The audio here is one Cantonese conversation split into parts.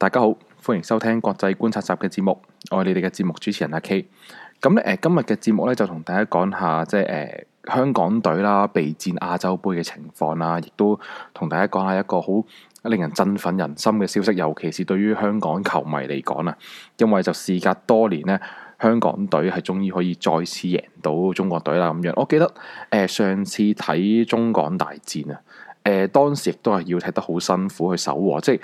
大家好，歡迎收聽國際觀察集嘅節目，我係你哋嘅節目主持人阿 K。咁咧，誒、呃，今日嘅節目咧就同大家講下即係誒、呃、香港隊啦備戰亞洲盃嘅情況啦，亦都同大家講下一個好令人振奮人心嘅消息，尤其是對於香港球迷嚟講啊。因為就事隔多年呢，香港隊係終於可以再次贏到中國隊啦咁樣。我記得誒、呃、上次睇中港大戰啊，誒、呃、當時亦都係要踢得好辛苦去守，即係誒。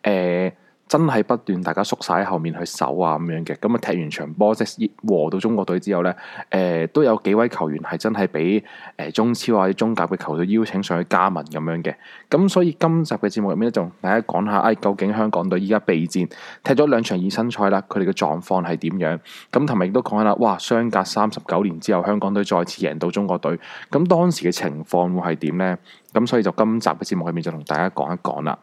呃真係不斷大家縮晒喺後面去守啊咁樣嘅，咁啊踢完場波即係和到中國隊之後呢，誒、呃、都有幾位球員係真係俾誒中超或者中甲嘅球隊邀請上去加盟咁樣嘅，咁所以今集嘅節目入面咧，就大家講下誒、哎、究竟香港隊依家備戰踢咗兩場熱身賽啦，佢哋嘅狀況係點樣？咁同埋亦都講下啦，哇，相隔三十九年之後香港隊再次贏到中國隊，咁當時嘅情況會係點呢？咁所以就今集嘅節目入面就同大家講一講啦。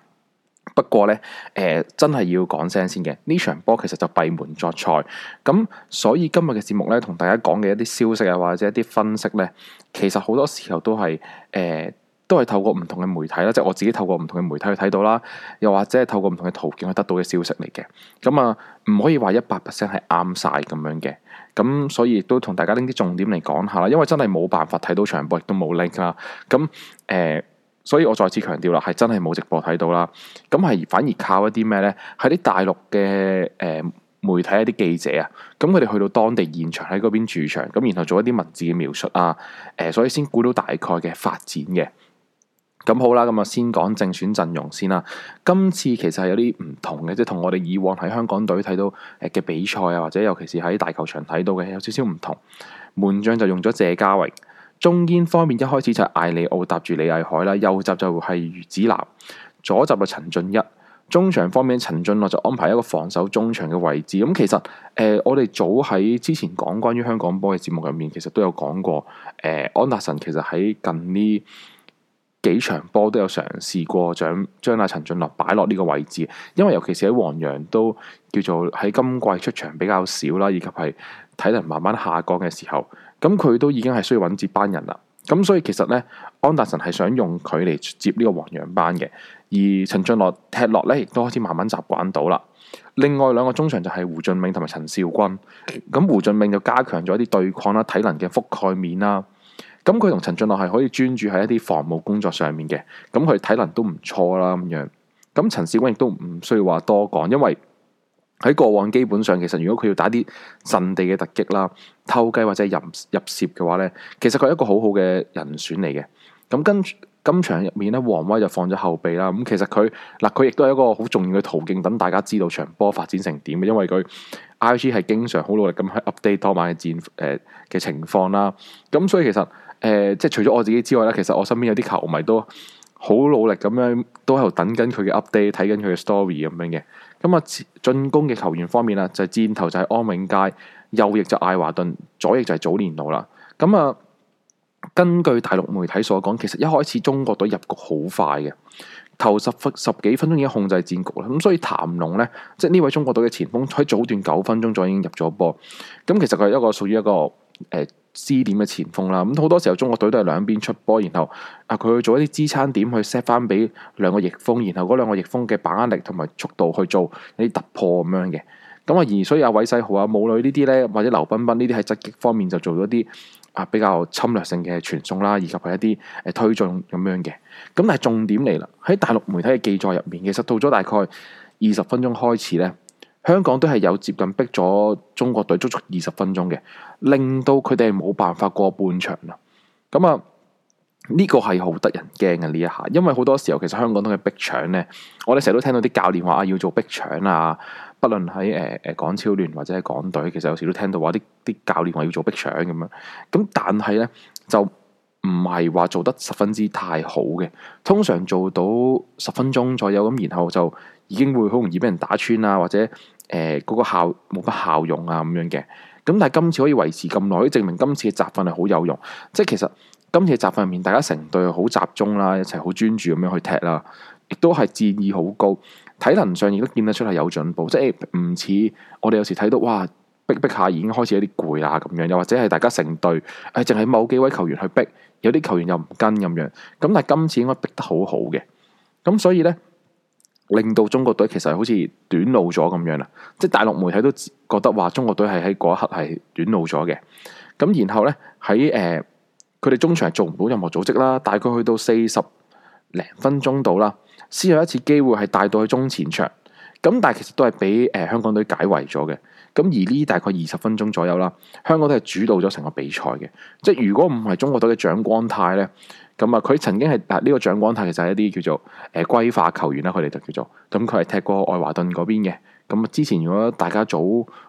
不過呢，誒、呃、真係要講聲先嘅，呢場波其實就閉門作賽，咁所以今日嘅節目呢，同大家講嘅一啲消息啊，或者一啲分析呢，其實好多時候都係誒、呃，都係透過唔同嘅媒體啦，即、就、係、是、我自己透過唔同嘅媒體去睇到啦，又或者係透過唔同嘅途徑去得到嘅消息嚟嘅，咁啊唔可以話一百 percent 係啱晒咁樣嘅，咁所以都同大家拎啲重點嚟講下啦，因為真係冇辦法睇到場波，亦都冇 link 啦，咁誒。呃所以我再次強調啦，係真係冇直播睇到啦。咁係反而靠一啲咩呢？係啲大陸嘅誒、呃、媒體一啲記者啊，咁佢哋去到當地現場喺嗰邊駐場，咁然後做一啲文字嘅描述啊。誒、呃，所以先估到大概嘅發展嘅。咁好啦，咁我先講正選陣容先啦。今次其實係有啲唔同嘅，即係同我哋以往喺香港隊睇到嘅比賽啊，或者尤其是喺大球場睇到嘅有少少唔同。門將就用咗謝家榮。中堅方面一開始就係艾利奧搭住李毅凱啦，右閘就係余子南，左閘就陳俊一。中場方面，陳俊樂就安排一個防守中場嘅位置。咁、嗯、其實誒、呃，我哋早喺之前講關於香港波嘅節目入面，其實都有講過誒、呃，安達臣其實喺近呢幾場波都有嘗試過將將阿陳俊樂擺落呢個位置，因為尤其是喺黃洋都叫做喺今季出場比較少啦，以及係。體能慢慢下降嘅時候，咁佢都已經係需要揾接班人啦。咁所以其實呢，安達臣係想用佢嚟接呢個黃洋班嘅。而陳俊樂踢落呢，亦都開始慢慢習慣到啦。另外兩個中場就係胡俊明同埋陳肇鈞。咁胡俊明就加強咗一啲對抗啦、體能嘅覆蓋面啦。咁佢同陳俊樂係可以專注喺一啲防務工作上面嘅。咁佢體能都唔錯啦咁樣。咁陳肇鈞亦都唔需要話多講，因為，喺過往基本上，其實如果佢要打啲陣地嘅突擊啦、偷雞或者入入涉嘅話咧，其實佢係一個好好嘅人選嚟嘅。咁跟今場入面咧，黃威就放咗後備啦。咁其實佢嗱佢亦都係一個好重要嘅途徑，等大家知道場波發展成點嘅。因為佢 I G 係經常好努力咁去 update 當晚嘅戰誒嘅、呃、情況啦。咁所以其實誒、呃、即係除咗我自己之外咧，其實我身邊有啲球迷都好努力咁樣都喺度等緊佢嘅 update，睇緊佢嘅 story 咁樣嘅。咁啊，進攻嘅球員方面啊，就係、箭頭就係安永佳，右翼就係艾華頓，左翼就係早年路啦。咁啊，根據大陸媒體所講，其實一開始中國隊入局好快嘅，頭十十幾分鐘已經控制戰局啦。咁所以譚龍呢，即呢位中國隊嘅前鋒，喺早段九分鐘左右已經入咗波。咁其實佢係一個屬於一個誒、呃支點嘅前鋒啦，咁好多時候中國隊都係兩邊出波，然後啊佢去做一啲支撐點去 set 翻俾兩個翼鋒，然後嗰兩個翼鋒嘅把握力同埋速度去做一啲突破咁樣嘅。咁啊而所以阿韋世豪啊、武磊呢啲呢，或者劉彬彬呢啲喺側擊方面就做咗啲啊比較侵略性嘅傳送啦，以及係一啲誒推進咁樣嘅。咁但係重點嚟啦，喺大陸媒體嘅記載入面，其實到咗大概二十分鐘開始呢。香港都係有接近逼咗中國隊足足二十分鐘嘅，令到佢哋冇辦法過半場啦。咁啊，呢個係好得人驚嘅呢一下，因為好多時候其實香港都係逼搶呢。我哋成日都聽到啲教練話啊，要做逼搶啊，不論喺誒誒港超聯或者喺港隊，其實有時都聽到話啲啲教練話要做逼搶咁樣。咁但係呢，就唔係話做得十分之太好嘅，通常做到十分鐘左右咁，然後就已經會好容易俾人打穿啊，或者。誒嗰個效冇乜效用啊咁樣嘅，咁但係今次可以維持咁耐，都證明今次嘅集訓係好有用。即係其實今次嘅集訓入面，大家成隊好集中啦，一齊好專注咁樣去踢啦，亦都係戰意好高。體能上亦都見得出係有進步，即係唔似我哋有時睇到哇逼逼下已經開始有啲攰啊咁樣，又或者係大家成隊誒淨係某幾位球員去逼，有啲球員又唔跟咁樣。咁但係今次應該逼得好好嘅，咁所以呢。令到中國隊其實好似短路咗咁樣啦，即係大陸媒體都覺得話中國隊係喺嗰一刻係短路咗嘅。咁然後呢，喺誒佢哋中場做唔到任何組織啦，大概去到四十零分鐘度啦，先有一次機會係帶到去中前場，咁但係其實都係俾誒香港隊解圍咗嘅。咁而呢大概二十分鐘左右啦，香港隊係主導咗成個比賽嘅。即係如果唔係中國隊嘅蔣光太呢。咁啊，佢曾經係啊呢個蔣光泰，其實係一啲叫做誒歸化球員啦，佢哋就叫做咁。佢係踢過愛華頓嗰邊嘅。咁之前如果大家早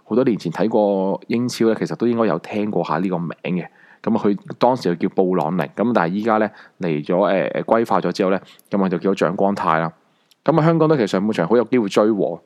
好多年前睇過英超咧，其實都應該有聽過下呢個名嘅。咁啊，佢當時就叫布朗寧，咁但係依家咧嚟咗誒誒歸化咗之後咧，咁啊就叫蔣光泰啦。咁啊，香港隊其實上半場好有機會追和。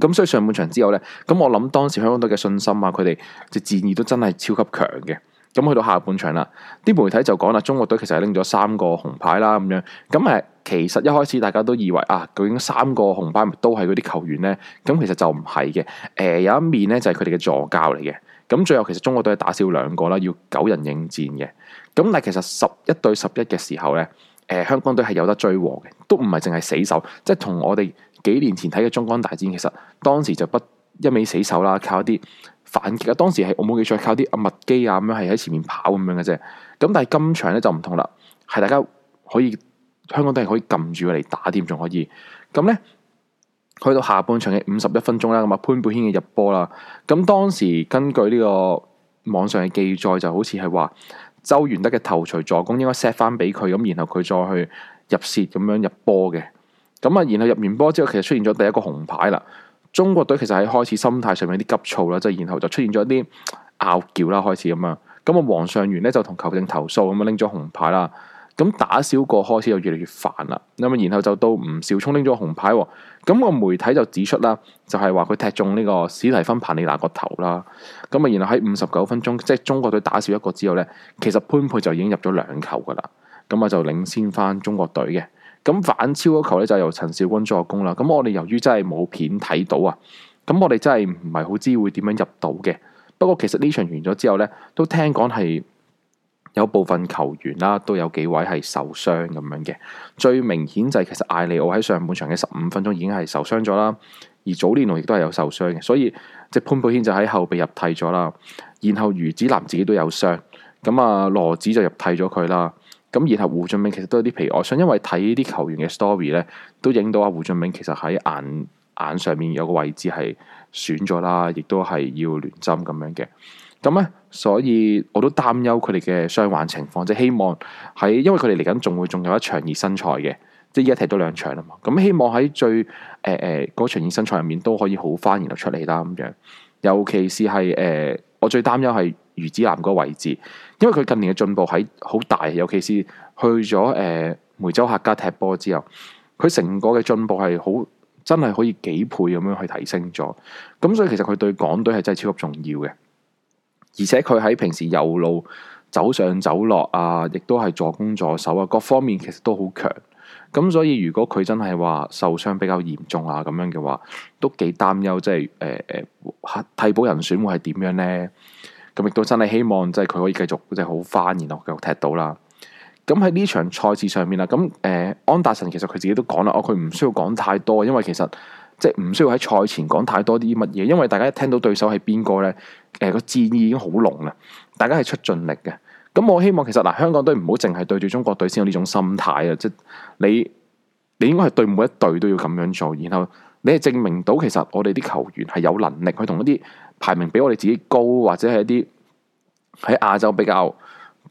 咁所以上半場之後咧，咁我諗當時香港隊嘅信心啊，佢哋嘅戰意都真係超級強嘅。咁去到下半場啦，啲媒體就講啦，中國隊其實拎咗三個紅牌啦，咁樣。咁誒，其實一開始大家都以為啊，究竟三個紅牌是都係嗰啲球員呢？咁其實就唔係嘅。誒、呃，有一面呢，就係佢哋嘅助教嚟嘅。咁最後其實中國隊係打少兩個啦，要九人應戰嘅。咁但係其實十一對十一嘅時候呢，誒、呃，香港隊係有得追和嘅，都唔係淨係死守，即係同我哋幾年前睇嘅中港大戰，其實當時就不一味死守啦，靠一啲。反擊啊！當時係我冇記錯，靠啲麥基啊咁樣係喺前面跑咁樣嘅啫。咁但係今場咧就唔同啦，係大家可以香港都係可以撳住佢嚟打添，仲可以咁咧。去到下半場嘅五十一分鐘啦，咁啊潘貝軒嘅入波啦。咁當時根據呢個網上嘅記載，就好似係話周元德嘅頭槌助攻應該 set 翻俾佢，咁然後佢再去入蝕咁樣入波嘅。咁啊，然後入完波之後，其實出現咗第一個紅牌啦。中國隊其實喺開始心態上面有啲急躁啦，即係然後就出現咗一啲拗撬啦，開始咁樣。咁啊，王上源咧就同球證投訴咁啊拎咗紅牌啦。咁打少個開始又越嚟越煩啦。咁啊，然後就到吳少聰拎咗紅牌。咁個媒體就指出啦，就係話佢踢中呢個史提芬彭里娜個頭啦。咁啊，然後喺五十九分鐘，即係中國隊打少一個之後咧，其實潘佩就已經入咗兩球噶啦。咁啊，就領先翻中國隊嘅。咁反超嗰球咧就由陳肇鈞助攻啦。咁我哋由於真係冇片睇到啊，咁我哋真係唔係好知會點樣入到嘅。不過其實呢場完咗之後咧，都聽講係有部分球員啦，都有幾位係受傷咁樣嘅。最明顯就係其實艾利奧喺上半場嘅十五分鐘已經係受傷咗啦，而早年龍亦都係有受傷嘅，所以即潘沛軒就喺後備入替咗啦。然後余子南自己都有傷，咁啊羅子就入替咗佢啦。咁而係胡俊明其實都有啲皮外傷，我想因為睇呢啲球員嘅 story 咧，都影到阿胡俊明其實喺眼眼上面有個位置係損咗啦，亦都係要聯針咁樣嘅。咁咧，所以我都擔憂佢哋嘅傷患情況，即係希望喺因為佢哋嚟緊仲會仲有一場熱身賽嘅，即係依家踢到兩場啦嘛。咁希望喺最誒誒嗰場熱身賽入面都可以好翻，然後出嚟啦咁樣。尤其是係誒、呃，我最擔憂係。茹子楠個位置，因為佢近年嘅進步喺好大，尤其是去咗誒、呃、梅州客家踢波之後，佢成個嘅進步係好真係可以幾倍咁樣去提升咗。咁所以其實佢對港隊係真係超級重要嘅。而且佢喺平時右路走上走落啊，亦都係助攻助守啊，各方面其實都好強。咁所以如果佢真係話受傷比較嚴重啊，咁樣嘅話，都幾擔憂，即係誒誒替補人選會係點樣呢？咁亦都真係希望，即係佢可以繼續即係好翻，然後繼續踢到啦。咁喺呢場賽事上面啦，咁誒、呃，安達臣其實佢自己都講啦，哦，佢唔需要講太多，因為其實即係唔需要喺賽前講太多啲乜嘢，因為大家一聽到對手係邊個咧，誒、呃、個戰意已經好濃啦，大家係出盡力嘅。咁我希望其實嗱、呃，香港隊唔好淨係對住中國隊先有呢種心態啊，即係你你應該係對每一隊都要咁樣做，然後你係證明到其實我哋啲球員係有能力去同一啲。排名比我哋自己高，或者係一啲喺亞洲比較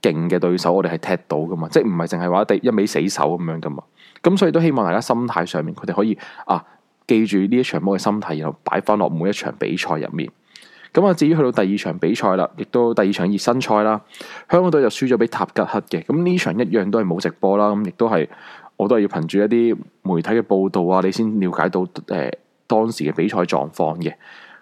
勁嘅對手，我哋係踢到噶嘛？即係唔係淨係話一味死守咁樣噶嘛？咁所以都希望大家心態上面，佢哋可以啊記住呢一場波嘅心態，然後擺翻落每一場比賽入面。咁啊，至於去到第二場比賽啦，亦都第二場熱身賽啦，香港隊就輸咗俾塔吉克嘅。咁呢場一樣都係冇直播啦，咁亦都係我都係要憑住一啲媒體嘅報道啊，你先了解到誒、呃、當時嘅比賽狀況嘅。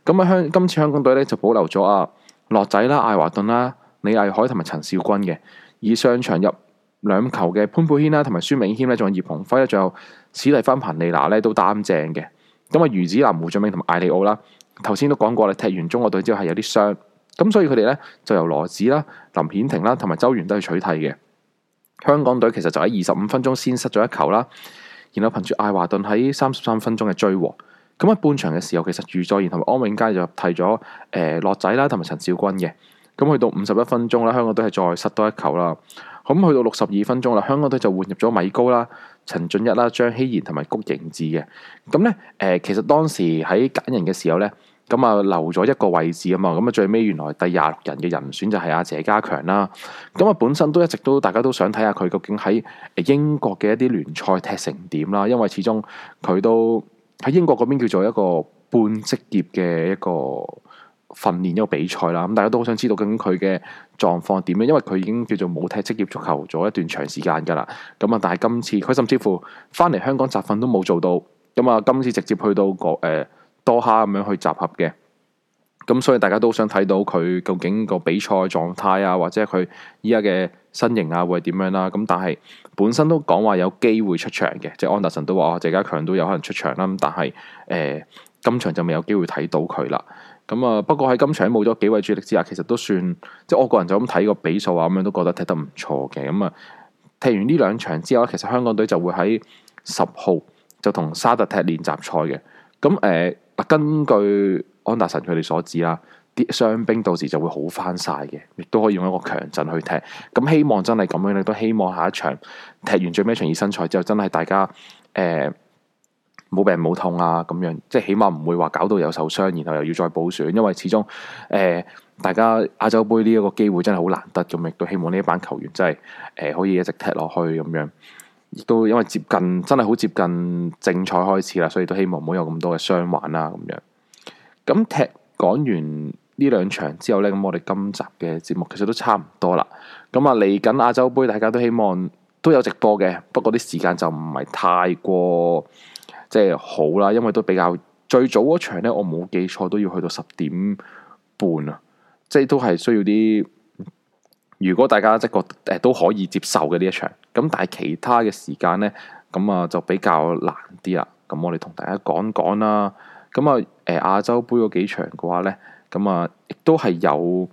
咁啊香今次香港隊咧就保留咗阿、啊、洛仔啦、艾華頓啦、李毅海同埋陳少君嘅，以上場入兩球嘅潘佩謙啦、同埋孫銘謙咧，仲有葉鴻輝啦，仲有史蒂芬彭麗娜咧都擔正嘅。咁啊，余子楠、胡俊明同埋艾利奧啦，頭先都講過啦，踢完中國隊之後係有啲傷，咁所以佢哋咧就由羅子啦、林顯廷啦同埋周元都去取替嘅。香港隊其實就喺二十五分鐘先失咗一球啦，然後憑住艾華頓喺三十三分鐘嘅追和。咁喺半場嘅時候，其實預賽，然後安永佳就替咗誒樂仔啦，同埋陳少君嘅。咁去到五十一分鐘啦，香港隊係再失多一球啦。咁去到六十二分鐘啦，香港隊就換入咗米高啦、陳俊一啦、張希賢同埋谷盈智嘅。咁咧誒，其實當時喺揀人嘅時候咧，咁啊留咗一個位置啊嘛。咁啊最尾原來第廿六人嘅人選就係阿謝家強啦。咁啊本身都一直都大家都想睇下佢究竟喺英國嘅一啲聯賽踢成點啦，因為始終佢都，喺英國嗰邊叫做一個半職業嘅一個訓練一個比賽啦，咁大家都好想知道究竟佢嘅狀況點樣，因為佢已經叫做冇踢職業足球咗一段長時間噶啦。咁啊，但係今次佢甚至乎返嚟香港集訓都冇做到，咁啊，今次直接去到個誒、呃、多哈咁樣去集合嘅。咁所以大家都想睇到佢究竟個比賽狀態啊，或者佢依家嘅，身形啊，會點樣啦？咁但係本身都講話有機會出場嘅，即係安達臣都話，謝、哦、家強都有可能出場啦。咁但係誒、呃，今場就未有機會睇到佢啦。咁啊，不過喺今場冇咗幾位主力之下，其實都算即係我個人就咁睇個比數啊，咁樣都覺得踢得唔錯嘅。咁啊，踢完呢兩場之後，其實香港隊就會喺十號就同沙特踢練習賽嘅。咁誒、呃，根據安達臣佢哋所指啦。啲傷兵到時就會好翻晒嘅，亦都可以用一個強陣去踢。咁希望真係咁樣咧，都希望下一場踢完最尾場熱身賽之後，真係大家誒、呃、冇病冇痛啊，咁樣即係起碼唔會話搞到有受傷，然後又要再補選，因為始終誒、呃、大家亞洲盃呢一個機會真係好難得，咁亦都希望呢一班球員真係誒、呃、可以一直踢落去咁樣，亦都因為接近真係好接近正賽開始啦，所以都希望唔好有咁多嘅傷患啦，咁樣咁踢講完。呢兩場之後呢，咁我哋今集嘅節目其實都差唔多啦。咁啊，嚟緊亞洲杯，大家都希望都有直播嘅，不過啲時間就唔係太過即係好啦，因為都比較最早嗰場呢，我冇記錯都要去到十點半啊，即係都係需要啲。如果大家即係覺都可以接受嘅呢一場，咁但係其他嘅時間呢，咁啊就比較難啲啦。咁我哋同大家講講啦，咁啊誒亞洲杯嗰幾場嘅話呢。咁啊，亦、嗯、都係有誒、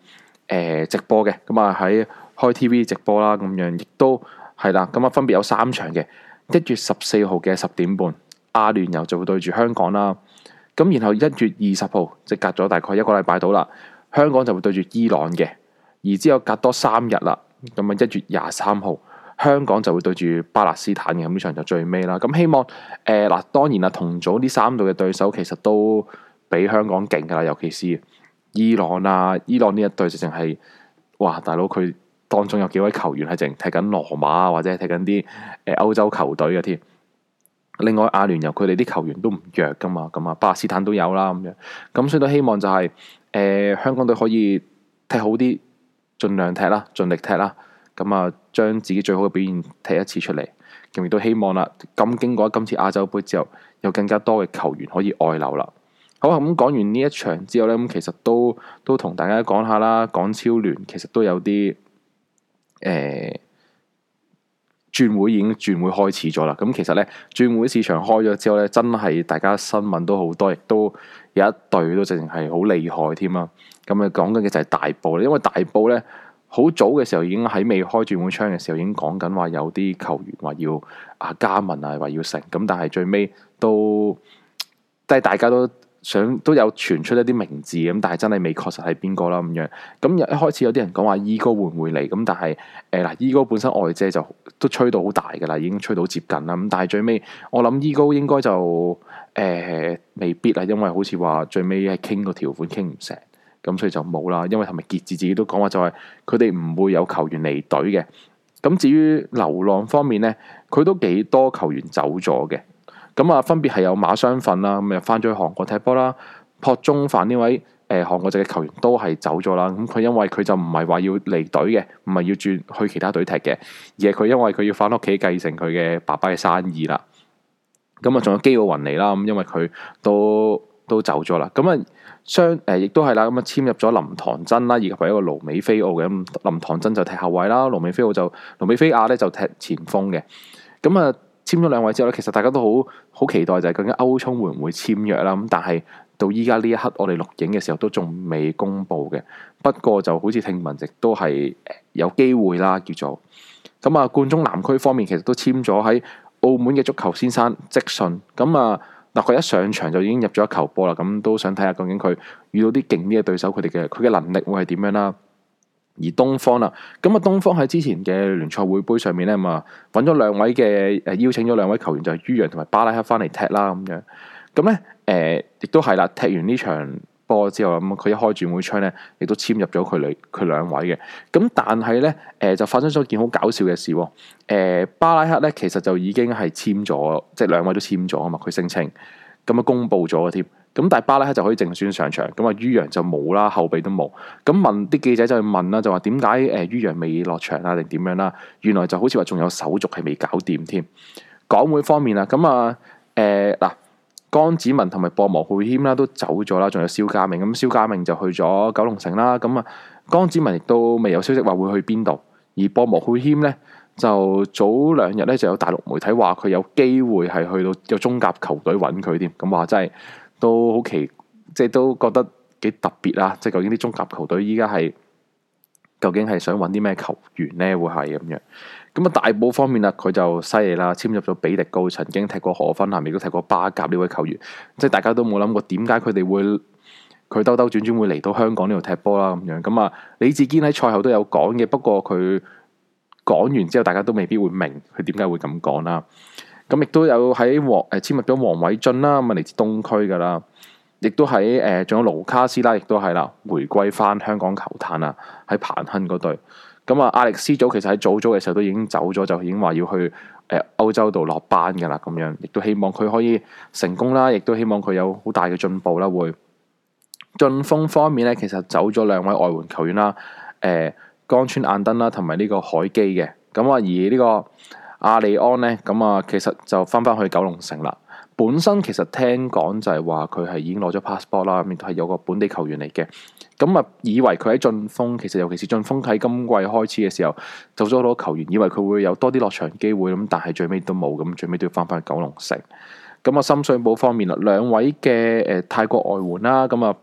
呃、直播嘅咁啊，喺、嗯、開 TV 直播啦，咁樣亦都係啦。咁啊，分別有三場嘅一月十四號嘅十點半，阿聯酋就會對住香港啦。咁然後一月二十號即隔咗大概一個禮拜到啦，香港就會對住伊朗嘅，而之後隔多三日啦，咁啊一月廿三號香港就會對住巴勒斯坦嘅咁呢場就最尾啦。咁、嗯、希望誒嗱、呃，當然啦，同組呢三隊嘅對手其實都比香港勁㗎啦，尤其是。伊朗啊，伊朗呢一隊直情係，哇大佬佢當中有幾位球員係淨踢緊羅馬啊，或者踢緊啲誒歐洲球隊嘅添。另外阿聯由佢哋啲球員都唔弱㗎嘛，咁啊巴勒斯坦都有啦咁樣。咁所以都希望就係、是，誒、呃、香港隊可以踢好啲，盡量踢啦，盡力踢啦。咁啊將自己最好嘅表現踢一次出嚟，咁亦都希望啦。咁經過今次亞洲盃之後，有更加多嘅球員可以外流啦。好啊！咁講完呢一場之後呢，咁其實都都同大家講下啦。港超聯其實都有啲誒、呃、轉會已經轉會開始咗啦。咁其實呢，轉會市場開咗之後呢，真係大家新聞都好多，亦都有一隊都正係好厲害添啦。咁啊講緊嘅就係大埔，因為大埔呢，好早嘅時候已經喺未開轉會窗嘅時候已經講緊話有啲球員話要啊加盟啊，話要成咁，但係最尾都即係大家都。想都有傳出一啲名字咁，但係真係未確實係邊個啦咁樣。咁一開始有啲人講話 E 哥會唔會嚟咁，但係誒嗱 E 哥本身外借就都吹到好大嘅啦，已經吹到接近啦。咁但係最尾我諗 E 哥應該就誒、呃、未必啊，因為好似話最尾係傾個條款傾唔成，咁所以就冇啦。因為係咪傑志自己都講話，就係佢哋唔會有球員離隊嘅。咁至於流浪方面咧，佢都幾多球員走咗嘅。咁啊，分別係有馬雙份啦，咁又翻咗去韓國踢波啦。朴中範呢位誒韓國籍嘅球員都係走咗啦。咁佢因為佢就唔係話要離隊嘅，唔係要轉去其他隊踢嘅，而係佢因為佢要翻屋企繼承佢嘅爸爸嘅生意啦。咁啊，仲有基奧雲尼啦，咁因為佢都都走咗啦。咁啊，雙誒亦都係啦。咁啊，簽入咗林唐真啦，以及係一個盧美菲奧嘅。咁林唐真就踢後衞啦，盧美菲奧就盧美菲亞咧就踢前鋒嘅。咁啊。簽咗兩位之後咧，其實大家都好好期待，就係究竟歐冲會唔會簽約啦。咁但係到依家呢一刻，我哋錄影嘅時候都仲未公布嘅。不過就好似聽聞，亦都係有機會啦。叫做咁啊，冠忠南區方面其實都簽咗喺澳門嘅足球先生積信。咁啊，嗱佢一上場就已經入咗一球波啦。咁都想睇下究竟佢遇到啲勁啲嘅對手，佢哋嘅佢嘅能力會係點樣啦。而東方啦，咁啊，東方喺之前嘅聯賽會杯上面咧，嘛揾咗兩位嘅誒，邀請咗兩位球員就係於洋同埋巴拉克翻嚟踢啦，咁樣，咁咧，誒、呃，亦都係啦，踢完呢場波之後，咁佢一開轉會窗咧，亦都簽入咗佢兩佢兩位嘅，咁但係咧，誒、呃，就發生咗件好搞笑嘅事，誒、呃，巴拉克咧其實就已經係簽咗，即係兩位都簽咗啊嘛，佢聲稱，咁啊公布咗嘅添。咁大巴咧就可以正選上場，咁啊于洋就冇啦，後備都冇。咁問啲記者就去問啦，就話點解誒于洋未落場啊？定點樣啦、啊？原來就好似話仲有手續係未搞掂添。港會方面啊，咁啊誒、嗱，江子文同埋博毛浩軒啦都走咗啦，仲有肖嘉明，咁肖嘉明就去咗九龍城啦。咁啊江子文亦都未有消息話會去邊度，而博毛浩軒咧就早兩日咧就有大陸媒體話佢有機會係去到有中甲球隊揾佢添，咁話真係。都好奇，即係都覺得幾特別啦！即係究竟啲中甲球隊依家係究竟係想揾啲咩球員呢？會係咁樣。咁啊，大埔方面啊，佢就犀利啦，簽入咗比迪高，曾經踢過河芬，係咪都踢過巴甲呢位球員。即係大家都冇諗過，點解佢哋會佢兜兜轉轉會嚟到香港呢度踢波啦？咁樣咁啊，李志堅喺賽後都有講嘅，不過佢講完之後，大家都未必會明佢點解會咁講啦。咁亦都有喺黃誒、呃、簽入咗黃偉俊啦，咁啊嚟自東區噶啦，亦都喺誒仲有盧卡斯啦，亦都係啦，回歸翻香港球壇啦，喺彭亨嗰隊。咁、嗯、啊，亞歷斯早其實喺早早嘅時候都已經走咗，就已經話要去誒、呃、歐洲度落班噶啦，咁樣亦都希望佢可以成功啦，亦都希望佢有好大嘅進步啦，會進鋒方面咧，其實走咗兩位外援球員啦，誒、呃、江川晏登啦，同埋呢個海基嘅。咁啊，而呢、呢個阿里安呢，咁啊，其實就翻返去九龍城啦。本身其實聽講就係話佢係已經攞咗 passport 啦，咁亦都係有個本地球員嚟嘅。咁啊，以為佢喺進鋒，其實尤其是進鋒喺今季開始嘅時候，就走咗好多球員，以為佢會有多啲落場機會，咁但係最尾都冇，咁最尾都要翻返去九龍城。咁啊，深水埗方面啦，兩位嘅誒泰國外援啦，咁啊，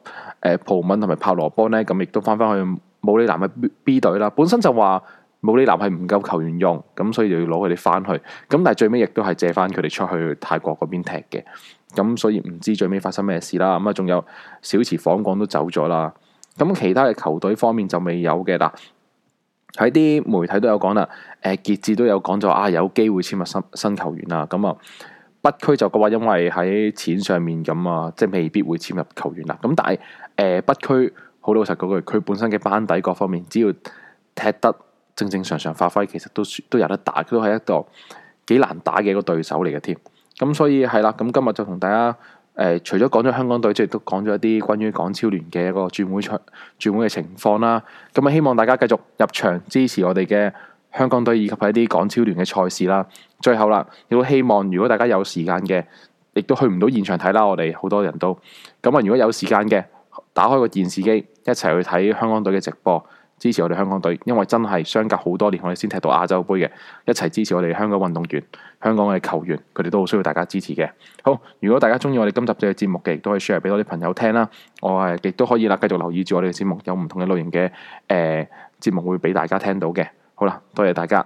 誒蒲文同埋帕羅波呢，咁亦都翻返去武里南嘅 B B 隊啦。本身就話。冇呢男係唔夠球員用，咁所以就要攞佢哋翻去，咁但係最尾亦都係借翻佢哋出去泰國嗰邊踢嘅，咁所以唔知最尾發生咩事啦，咁啊仲有小池訪港都走咗啦，咁其他嘅球隊方面就未有嘅啦，喺啲媒體都有講啦，誒、啊、傑志都有講咗啊，有機會簽入新新球員啊，咁啊北區就嘅話因為喺錢上面咁啊，即係未必會簽入球員啦，咁、啊、但係誒、呃、北區好老實嗰句，佢本身嘅班底各方面只要踢得。正正常常發揮，其實都都有得打，佢都係一個幾難打嘅一個對手嚟嘅添。咁所以係、呃、啦，咁今日就同大家誒，除咗講咗香港隊，即係都講咗一啲關於港超聯嘅一個轉會場轉會嘅情況啦。咁啊，希望大家繼續入場支持我哋嘅香港隊以及一啲港超聯嘅賽事啦。最後啦，亦都希望，如果大家有時間嘅，亦都去唔到現場睇啦，我哋好多人都。咁啊，如果有時間嘅，打開個電視機，一齊去睇香港隊嘅直播。支持我哋香港隊，因為真係相隔好多年，我哋先踢到亞洲盃嘅。一齊支持我哋香港運動員、香港嘅球員，佢哋都好需要大家支持嘅。好，如果大家中意我哋今集嘅節目嘅，亦都可以 share 俾多啲朋友聽啦。我係亦都可以啦，繼續留意住我哋嘅節目，有唔同嘅類型嘅誒、呃、節目會俾大家聽到嘅。好啦，多謝大家。